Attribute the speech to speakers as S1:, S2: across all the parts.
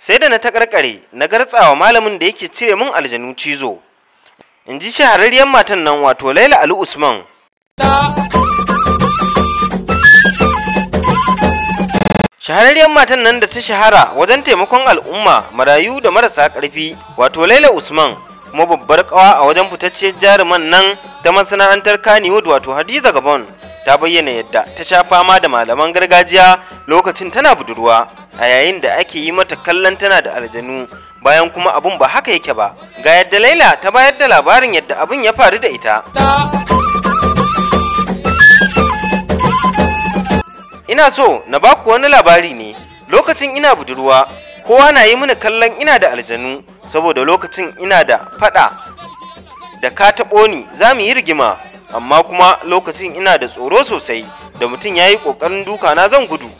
S1: sai da na takarkare na gartsawa malamin da yake cire mun aljanu cizo in ji shahararriyar matan nan wato laila ali usman shahararriyar matan nan da ta shahara wajen taimakon al'umma marayu da marasa ƙarfi wato laila usman kuma babbar kawa a wajen fitacciyar jaruman nan ta masana'antar kaniwood wato hadiza gabon ta bayyana yadda ta sha fama da malaman gargajiya lokacin tana budurwa a yayin da ake yi mata kallon tana da aljanu bayan kuma abun ba haka yake ba ga yadda laila ta bayar da labarin yadda abun ya faru da ita ina so na baku wani labari ne lokacin ina budurwa kowa na yi mini kallon ina da aljanu saboda lokacin ina da fada da ka taɓo ni za mu yi rigima amma kuma lokacin ina da tsoro sosai da mutum ya yi ƙoƙarin duka na zan gudu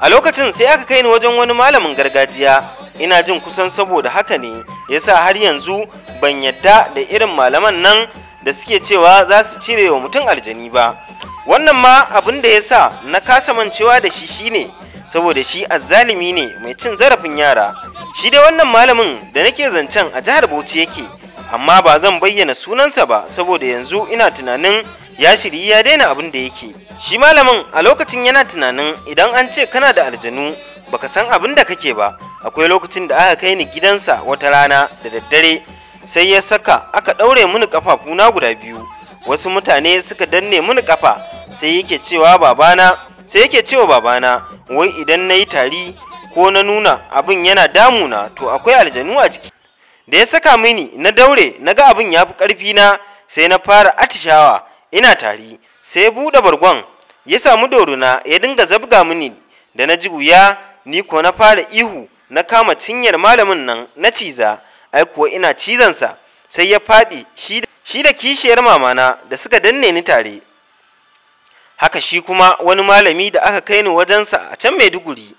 S1: a lokacin sai aka kai ni wajen wani malamin gargajiya ina jin kusan saboda haka ne ya sa har yanzu ban yadda da irin malaman nan da suke cewa za su cire wa mutum aljani ba wannan ma abin da ya sa na kasa mancewa da shi shine saboda shi azzalimi ne mai cin zarafin yara shi dai wannan malamin da nake zancen a jihar Bauchi yake amma ba zan bayyana sunansa ba saboda yanzu ina tunanin ya shiri ya daina abin da yake shi malamin a lokacin yana tunanin idan an ce kana da aljanu baka san abin da kake ba akwai lokacin da aka kai ni gidansa wata rana da daddare sai ya saka aka ɗaure mini kafafuna guda biyu wasu mutane suka danne mini kafa sai yake cewa babana sai yake cewa babana wai idan na yi tari ko na nuna abin yana damuna to akwai aljanu a ciki da ya saka mini na daure na ga abin ya fi ƙarfi na sai na fara atishawa ina tari sai buɗe bargon ya samu doruna ya dinga zabga mini da na ji wuya ni ko na fara ihu na kama cinyar malamin nan na ciza ai kuwa ina cizansa sai ya faɗi shi da kishiyar mamana da suka danne ni tare haka shi kuma wani malami da aka kai ni wajensa a can maiduguri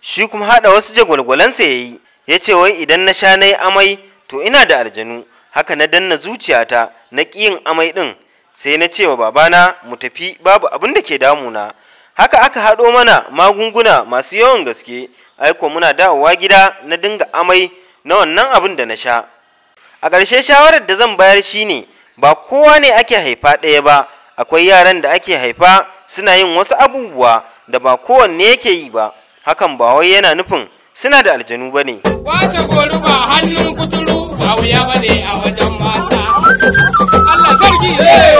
S1: shi kuma haɗa wasu jagwalgwalansa ya yi ya ce wai idan na sha na amai to ina da aljanu haka na danna zuciyata na ƙi amai ɗin sai na ce wa babana mu tafi babu abin da ke damuna haka aka haɗo mana magunguna masu yawan gaske aiko muna dawowa gida na dinga amai na wannan abin da na sha a ƙarshe shawarar da zan bayar shi ne ba kowa ne ake haifa ɗaya ba akwai yaran da ake haifa suna yin wasu abubuwa da ba kowanne yake yi ba hakan ba wai yana nufin suna da aljanu ba ne. Kwace goru ba hannun kuturu ba wuya ba ne a wajen mata. Allah sarki!